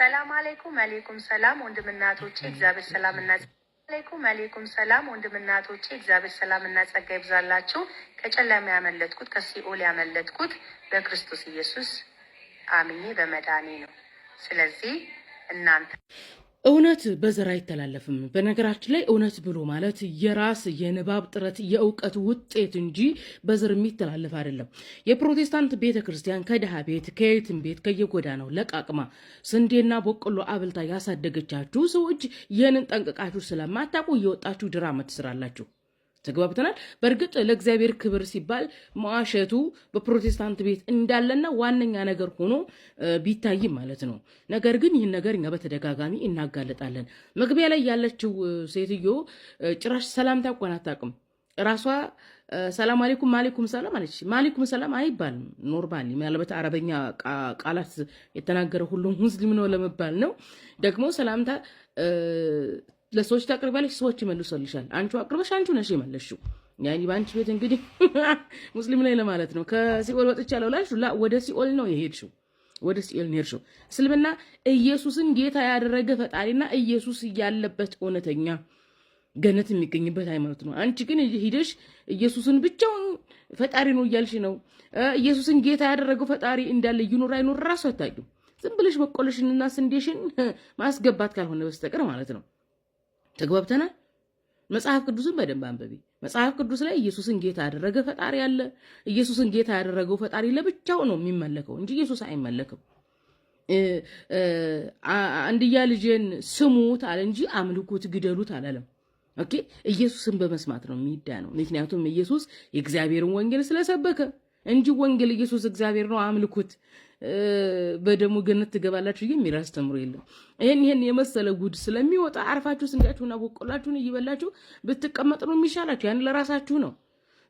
ሰላም አለይኩም አለይኩም ሰላም ወንድምናቶቼ እግዚአብሔር ሰላም እና አለይኩም አለይኩም ሰላም ወንድምናቶቼ እግዚአብሔር ሰላም እና ጸጋ ይብዛላችሁ። ከጨለማ ያመለጥኩት ከሲኦል ያመለጥኩት በክርስቶስ ኢየሱስ አምኜ በመዳኔ ነው። ስለዚህ እናንተ እውነት በዘር አይተላለፍም። በነገራችን ላይ እውነት ብሎ ማለት የራስ የንባብ ጥረት የእውቀት ውጤት እንጂ በዘር የሚተላለፍ አይደለም። የፕሮቴስታንት ቤተ ክርስቲያን ከድሃ ቤት ከየትም ቤት ከየጎዳናው ለቃቅማ ስንዴና በቆሎ አብልታ ያሳደገቻችሁ ሰዎች ይህንን ጠንቅቃችሁ ስለማታውቁ እየወጣችሁ ድራማ ትስራላችሁ። ተግባብተናል። በእርግጥ ለእግዚአብሔር ክብር ሲባል መዋሸቱ በፕሮቴስታንት ቤት እንዳለና ዋነኛ ነገር ሆኖ ቢታይም ማለት ነው። ነገር ግን ይህን ነገር እኛ በተደጋጋሚ እናጋለጣለን። መግቢያ ላይ ያለችው ሴትዮ ጭራሽ ሰላምታ እንኳን አታውቅም። ራሷ ሰላም አሌኩም ማሌኩም ሰላም አለች። ማሌኩም ሰላም አይባልም ኖርማል፣ ምናልባት አረበኛ ቃላት የተናገረ ሁሉም ሙስሊም ነው ለመባል ነው። ደግሞ ሰላምታ ለሰዎች ታቅርቢያለሽ፣ ሰዎች ይመልሱልሻል። አንቺ አቅርበሽ አንቺ ነሽ የመለስሽው። ያኔ በአንቺ ቤት እንግዲህ ሙስሊም ላይ ለማለት ነው። ከሲኦል ወጥቻለሁ ላልሽው ላ ወደ ሲኦል ነው የሄድሽው፣ ወደ ሲኦል ነው የሄድሽው። እስልምና ኢየሱስን ጌታ ያደረገ ፈጣሪና ኢየሱስ ያለበት እውነተኛ ገነት የሚገኝበት ሃይማኖት ነው። አንቺ ግን ሂደሽ ኢየሱስን ብቻውን ፈጣሪ ነው እያልሽ ነው። ኢየሱስን ጌታ ያደረገው ፈጣሪ እንዳለ ይኑር አይኑር ራሱ አታውቂም። ዝም ብለሽ በቆለሽንና ስንዴሽን ማስገባት ካልሆነ በስተቀር ማለት ነው። ተግባብተናል። መጽሐፍ ቅዱስን በደንብ አንብቢ። መጽሐፍ ቅዱስ ላይ ኢየሱስን ጌታ ያደረገ ፈጣሪ አለ። ኢየሱስን ጌታ ያደረገው ፈጣሪ ለብቻው ነው የሚመለከው እንጂ ኢየሱስ አይመለክም። አንድያ ልጄን ስሙት አለ እንጂ አምልኩት፣ ግደሉት አላለም። ኦኬ ኢየሱስን በመስማት ነው የሚዳ ነው። ምክንያቱም ኢየሱስ የእግዚአብሔርን ወንጌል ስለሰበከ እንጂ ወንጌል ኢየሱስ እግዚአብሔር ነው አምልኩት በደሙ ገነት ትገባላችሁ የሚል አስተምሮ የለም። ይህን ይህን የመሰለ ጉድ ስለሚወጣ አርፋችሁ ስንዴያችሁና በቆላችሁን እየበላችሁ ብትቀመጥ ነው የሚሻላችሁ። ያን ለራሳችሁ ነው።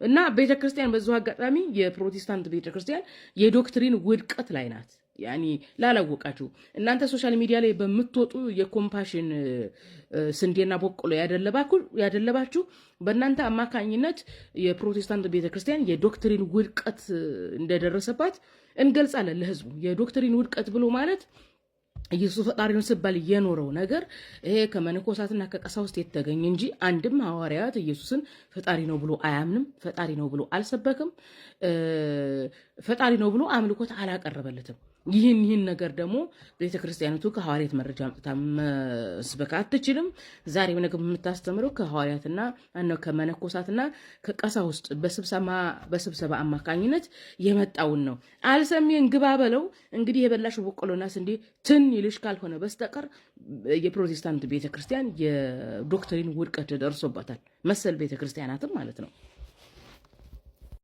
እና ቤተክርስቲያን በዚሁ አጋጣሚ የፕሮቴስታንት ቤተክርስቲያን የዶክትሪን ውድቀት ላይ ናት። ያኔ ላላወቃችሁ እናንተ ሶሻል ሚዲያ ላይ በምትወጡ የኮምፓሽን ስንዴና በቆሎ ያደለባችሁ በእናንተ አማካኝነት የፕሮቴስታንት ቤተክርስቲያን የዶክትሪን ውድቀት እንደደረሰባት እንገልጻለን ለህዝቡ። የዶክትሪን ውድቀት ብሎ ማለት ኢየሱስ ፈጣሪ ነው ሲባል የኖረው ነገር ይሄ ከመነኮሳትና ከቀሳውስት የተገኘ እንጂ አንድም ሐዋርያት ኢየሱስን ፈጣሪ ነው ብሎ አያምንም። ፈጣሪ ነው ብሎ አልሰበክም። ፈጣሪ ነው ብሎ አምልኮት አላቀረበለትም። ይህን ይህን ነገር ደግሞ ቤተ ክርስቲያኒቱ ከሐዋርያት መረጃ አምጥታ መስበክ አትችልም። ዛሬ ነገ የምታስተምረው ከሐዋርያትና ከመነኮሳትና ከቀሳ ውስጥ በስብሰባ አማካኝነት የመጣውን ነው። አልሰሜን ግባ በለው እንግዲህ የበላሽ በቆሎና ስንዴ ትን ይልሽ ካልሆነ በስተቀር የፕሮቴስታንት ቤተ ክርስቲያን የዶክትሪን ውድቀት ደርሶበታል። መሰል ቤተ ክርስቲያናትም ማለት ነው።